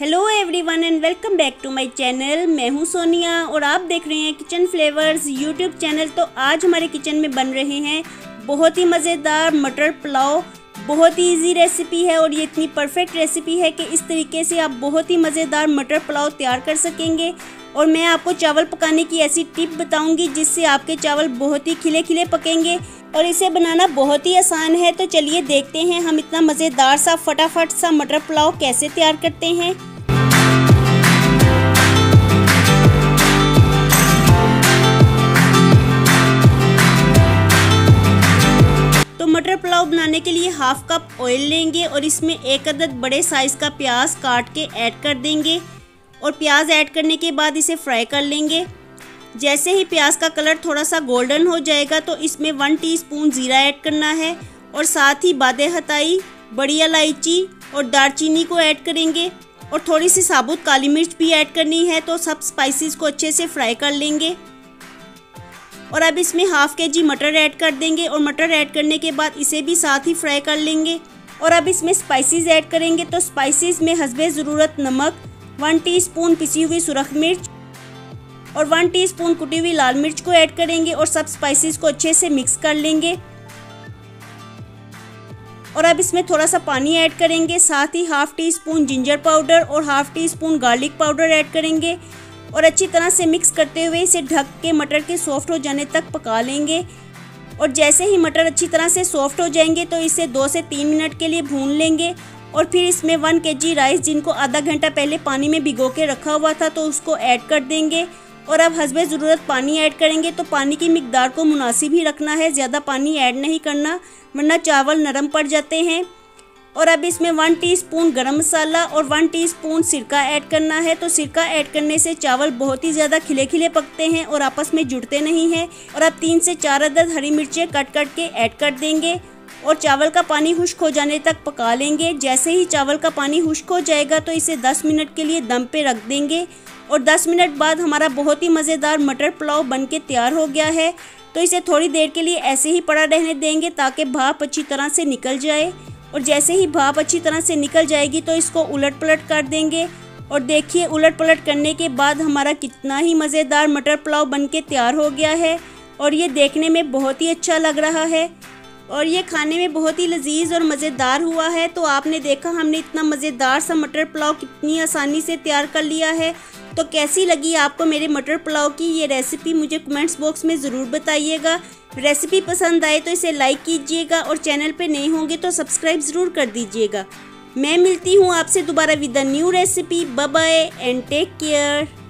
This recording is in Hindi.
hello everyone and welcome back to my channel मैं हूं सोनिया और आप देख रहे हैं किचन फ्लेवर्स यूट्यूब चैनल तो आज हमारे किचन में बन रहे हैं बहुत ही मज़ेदार मटर पुलाव बहुत ही इजी रेसिपी है और ये इतनी परफेक्ट रेसिपी है कि इस तरीके से आप बहुत ही मज़ेदार मटर पुलाव तैयार कर सकेंगे और मैं आपको चावल पकाने की ऐसी टिप बताऊंगी जिससे आपके चावल बहुत ही खिले खिले पकेंगे और इसे बनाना बहुत ही आसान है तो चलिए देखते हैं हम इतना मज़ेदार सा फटाफट सा मटर पुलाव कैसे तैयार करते हैं पुलाव बनाने के लिए हाफ कप ऑयल लेंगे और इसमें एक अदद बड़े साइज़ का प्याज काट के ऐड कर देंगे और प्याज ऐड करने के बाद इसे फ्राई कर लेंगे जैसे ही प्याज का कलर थोड़ा सा गोल्डन हो जाएगा तो इसमें वन टीस्पून ज़ीरा ऐड करना है और साथ ही बाद हताई बड़ी इलायची और दालचीनी को ऐड करेंगे और थोड़ी सी साबुत काली मिर्च भी ऐड करनी है तो सब स्पाइसेस को अच्छे से फ्राई कर लेंगे और अब इसमें हाफ के जी मटर ऐड कर देंगे और मटर ऐड करने के बाद इसे भी साथ ही फ्राई कर लेंगे और अब इसमें स्पाइसेस ऐड करेंगे तो स्पाइसेस में हसबे ज़रूरत नमक वन टीस्पून पिसी हुई सुरख मिर्च और वन टीस्पून कुटी हुई लाल मिर्च को ऐड करेंगे और सब स्पाइसेस को अच्छे से मिक्स कर लेंगे और अब इसमें थोड़ा सा पानी ऐड करेंगे साथ ही half teaspoon ginger powder और half teaspoon garlic powder add करेंगे और अच्छी तरह से मिक्स करते हुए इसे ढक के मटर के सॉफ्ट हो जाने तक पका लेंगे और जैसे ही मटर अच्छी तरह से सॉफ्ट हो जाएंगे तो इसे दो से तीन मिनट के लिए भून लेंगे और फिर इसमें वन के जी राइस जिनको आधा घंटा पहले पानी में भिगो के रखा हुआ था तो उसको ऐड कर देंगे और अब हसबे ज़रूरत पानी ऐड करेंगे तो पानी की मकदार को मुनासिब ही रखना है ज़्यादा पानी ऐड नहीं करना वरना चावल नरम पड़ जाते हैं और अब इसमें वन टीस्पून गरम मसाला और वन टीस्पून सिरका ऐड करना है तो सिरका ऐड करने से चावल बहुत ही ज़्यादा खिले खिले पकते हैं और आपस में जुड़ते नहीं हैं और अब तीन से चार अदद हरी मिर्चें कट कट के ऐड कर देंगे और चावल का पानी खुश्क हो जाने तक पका लेंगे जैसे ही चावल का पानी खुश्क हो जाएगा तो इसे दस मिनट के लिए दम पर रख देंगे और दस मिनट बाद हमारा बहुत ही मज़ेदार मटर पुलाव बन के तैयार हो गया है तो इसे थोड़ी देर के लिए ऐसे ही पड़ा रहने देंगे ताकि भाप अच्छी तरह से निकल जाए और जैसे ही भाप अच्छी तरह से निकल जाएगी तो इसको उलट पलट कर देंगे और देखिए उलट पलट करने के बाद हमारा कितना ही मज़ेदार मटर पुलाव बनके तैयार हो गया है और ये देखने में बहुत ही अच्छा लग रहा है और ये खाने में बहुत ही लजीज और मज़ेदार हुआ है तो आपने देखा हमने इतना मज़ेदार सा मटर पुलाव कितनी आसानी से तैयार कर लिया है तो कैसी लगी आपको मेरे मटर पुलाव की ये रेसिपी मुझे कमेंट्स बॉक्स में ज़रूर बताइएगा रेसिपी पसंद आए तो इसे लाइक कीजिएगा और चैनल पे नए होंगे तो सब्सक्राइब ज़रूर कर दीजिएगा मैं मिलती हूँ आपसे दोबारा with a new recipe bye and take care